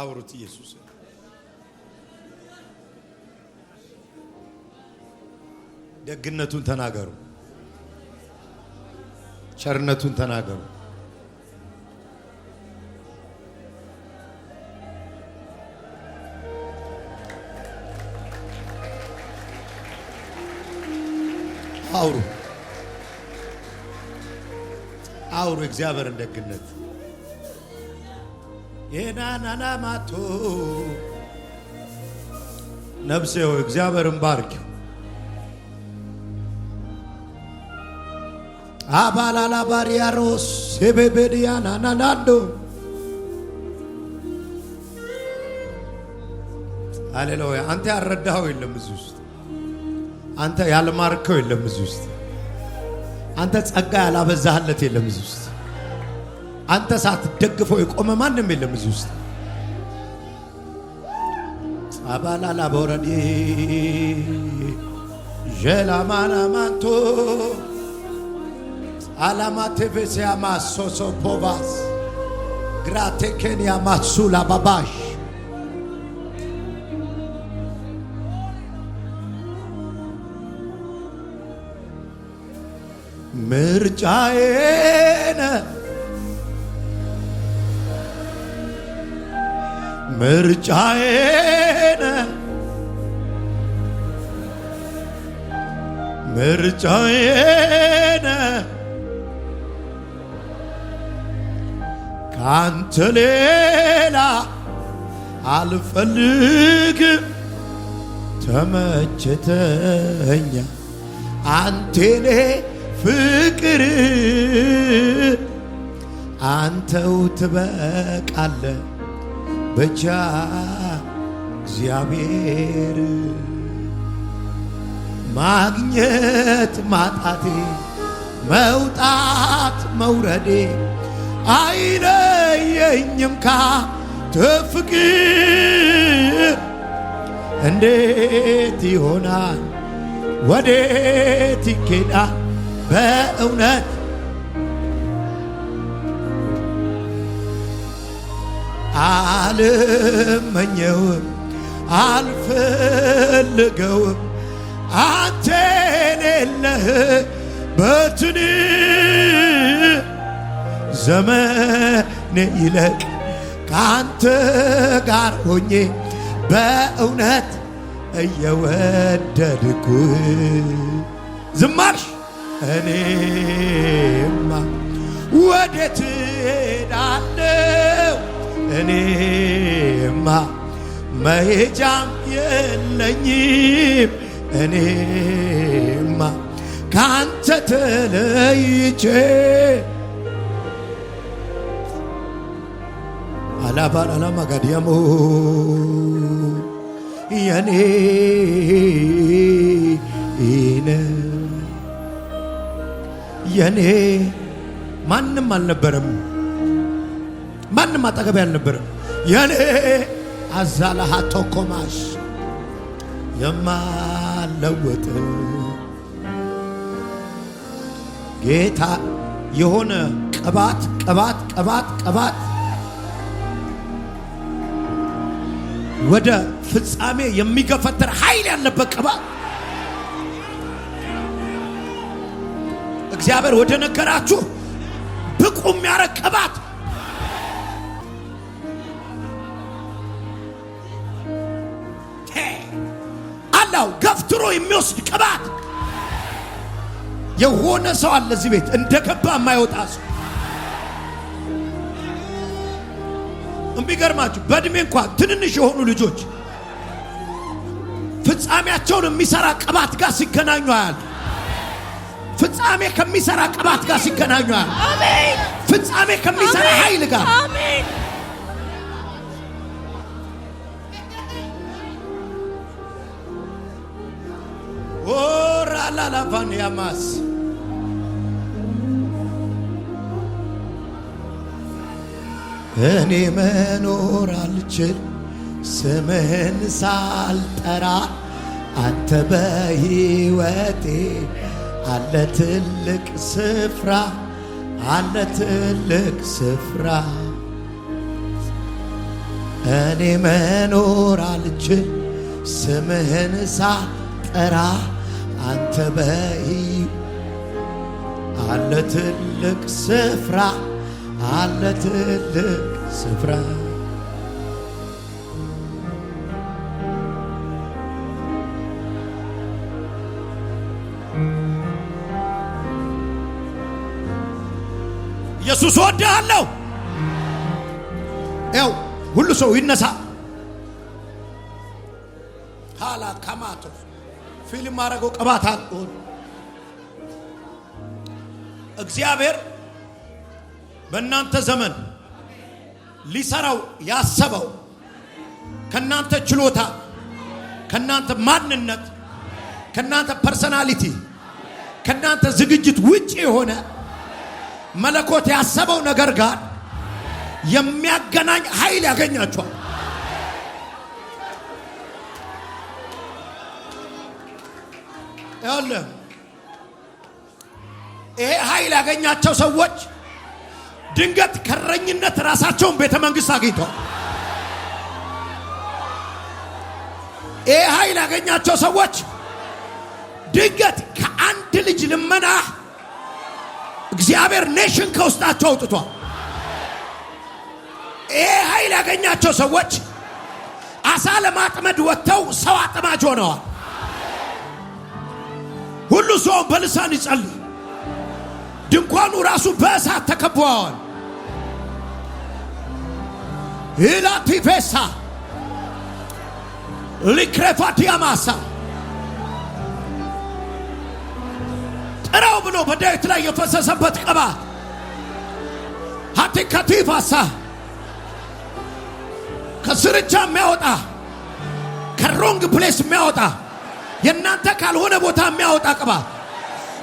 አውሩት ኢየሱስ ደግነቱን ተናገሩ፣ ቸርነቱን ተናገሩ። አውሩ አውሩ እግዚአብሔርን ደግነት የናናናማቶ ነፍሴ ሆይ እግዚአብሔርን ባርኪው። አባላላ ባሪያሮስ ሴቤቤድያ ናናናዶ ሃሌሉያ። አንተ ያልረዳኸው የለም እዚህ ውስጥ። አንተ ያልማርከው የለም እዚህ ውስጥ። አንተ ጸጋ ያላበዛህለት የለም እዚህ ውስጥ አንተ ሰዓት ሳትደግፈው የቆመ ማንም የለም እዚህ ውስጥ። አባላላ በወረዴ ዠላማናማንቶ አላማ ቴቬሲያ ማሶሶ ፖቫስ ግራቴኬንያ ማሱላ ባባሽ ምርጫዬነ ምርጫዬነ ምርጫዬነ ካንተ ሌላ አልፈልግም ተመቸተኛ አንቴኔ ፍቅር አንተው ትበቃለህ ብቻ እግዚአብሔር ማግኘት ማጣቴ መውጣት መውረዴ አይለየኝም ካንተ እንዴት ይሆናል? ወዴት ይኬዳ በእውነት አልመኘውም፣ አልፈልገውም። አንተ የሌለህ በትን ዘመኔ ይለቅ ከአንተ ጋር ሆኜ በእውነት እየወደድኩ ዝማርሽ እኔማ ወዴት ሄዳለሁ? እኔማ መሄጃም የለኝም እኔማ ካንተ ተለይቼ አላባን አላማ ጋዲያሞ የኔ ነ የኔ ማንም አልነበረም። ማንም አጠገብ ያልነበረም የኔ አዛላሃ ቶኮማሽ የማለወጥ ጌታ የሆነ ቅባት ቅባት ቅባት ቅባት ወደ ፍጻሜ የሚገፈትር ኃይል ያለበት ቅባት እግዚአብሔር ወደ ነገራችሁ ብቁ የሚያረግ ቅባት የሚያበላው ገፍትሮ የሚወስድ ቅባት የሆነ ሰው አለ እዚህ ቤት እንደገባ የማይወጣ ሰው። የሚገርማችሁ በእድሜ እንኳን ትንንሽ የሆኑ ልጆች ፍጻሜያቸውን የሚሰራ ቅባት ጋር ሲገናኙ አያል። ፍጻሜ ከሚሰራ ቅባት ጋር ሲገናኙ አያል። ፍጻሜ ከሚሰራ ኃይል ጋር ላላፋንያማስ እኔ መኖር አልችል ስምህን ሳልጠራ አንተ በሕይወቴ አለ ትልቅ ስፍራ አለ ትልቅ ስፍራ እኔ መኖር አልችል ስምህን ሳልጠራ አንተ በይ አለ ትልቅ ስፍራ አለ ትልቅ ስፍራ ኢየሱስ ወዳለሁ ያው ሁሉ ሰው ይነሳ ፊልም ማድረገው ቅባት አልሆን እግዚአብሔር በእናንተ ዘመን ሊሰራው ያሰበው ከእናንተ ችሎታ፣ ከእናንተ ማንነት፣ ከእናንተ ፐርሰናሊቲ፣ ከእናንተ ዝግጅት ውጭ የሆነ መለኮት ያሰበው ነገር ጋር የሚያገናኝ ኃይል ያገኛቸዋል። ያለ ይሄ ኃይል ያገኛቸው ሰዎች ድንገት ከረኝነት ራሳቸውን ቤተ መንግስት አግኝተዋል። ይሄ ኃይል ያገኛቸው ሰዎች ድንገት ከአንድ ልጅ ልመና እግዚአብሔር ኔሽን ከውስጣቸው አውጥቷል። ይሄ ኃይል ያገኛቸው ሰዎች አሳ ለማጥመድ ወጥተው ሰው አጥማጅ ሆነዋል። ሁሉ ሰው በልሳን ይጸልይ። ድንኳኑ ራሱ በእሳት ተከቧዋል። ኢላቲፌሳ ሊክሬፋቲያማሳ ጥራው ብሎ በዳዊት ላይ የፈሰሰበት ቅባት ሀቲካቲፋሳ ከስርቻ የሚያወጣ ከሮንግ ፕሌስ የሚያወጣ የእናንተ ካልሆነ ቦታ የሚያወጣ ቅባ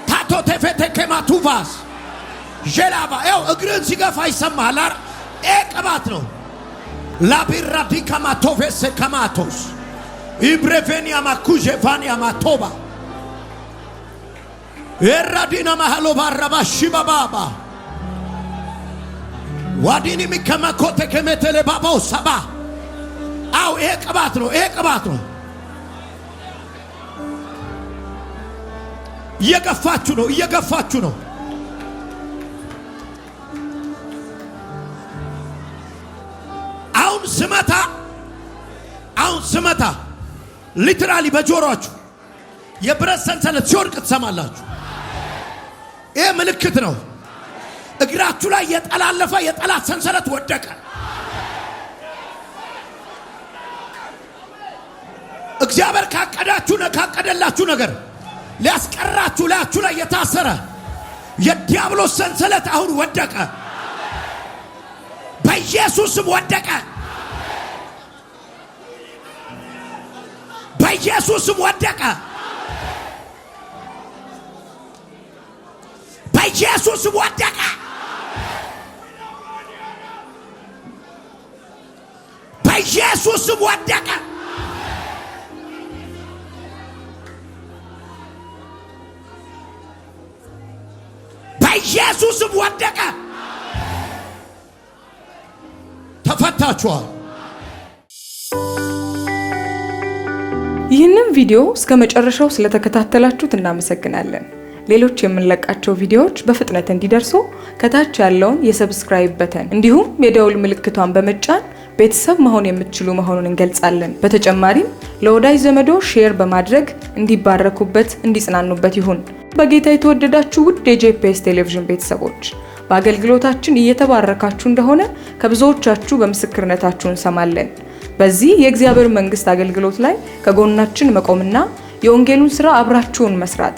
ታቶ ቴፌቴ ኬማቱቫስ ዤላባ ያው እግርህን ሲገፋ ይሰማሃል። አር ኤ ቅባት ነው። ላቢራዲ ከማቶፌሴ ከማቶስ ኢብሬቬኒያ ማኩዤ ቫኒያ ማቶባ ኤራዲና ማሃሎ ባረባ ሺባባባ ዋዲኒ ሚከማኮቴ ከሜቴሌባባው ሰባ አው ይሄ ቅባት ነው። ይሄ ቅባት ነው። እየገፋችሁ ነው፣ እየገፋችሁ ነው። አሁን ስመታ፣ አሁን ስመታ፣ ሊትራሊ በጆሯችሁ የብረት ሰንሰለት ሲወድቅ ትሰማላችሁ። ይሄ ምልክት ነው። እግራችሁ ላይ የጠላለፈ የጠላት ሰንሰለት ወደቀ። እግዚአብሔር ካቀዳችሁ ካቀደላችሁ ነገር ሊያስቀራችሁ ላያችሁ ላይ የታሰረ የዲያብሎስ ሰንሰለት አሁን ወደቀ። በኢየሱስም ወደቀ። በኢየሱስም ወደቀ። በኢየሱስም ወደቀ። በኢየሱስም ወደቀ። ኢየሱስም ወደቀ። ተፈታችኋል። ይህንም ቪዲዮ እስከ መጨረሻው ስለተከታተላችሁት እናመሰግናለን። ሌሎች የምንለቃቸው ቪዲዮዎች በፍጥነት እንዲደርሱ ከታች ያለውን የሰብስክራይብ በተን እንዲሁም የደውል ምልክቷን በመጫን ቤተሰብ መሆን የምትችሉ መሆኑን እንገልጻለን። በተጨማሪም ለወዳጅ ዘመዶ ሼር በማድረግ እንዲባረኩበት፣ እንዲጽናኑበት ይሁን። በጌታ የተወደዳችሁ ውድ የጄፒኤስ ቴሌቪዥን ቤተሰቦች በአገልግሎታችን እየተባረካችሁ እንደሆነ ከብዙዎቻችሁ በምስክርነታችሁ እንሰማለን። በዚህ የእግዚአብሔር መንግስት አገልግሎት ላይ ከጎናችን መቆምና የወንጌሉን ስራ አብራችሁን መስራት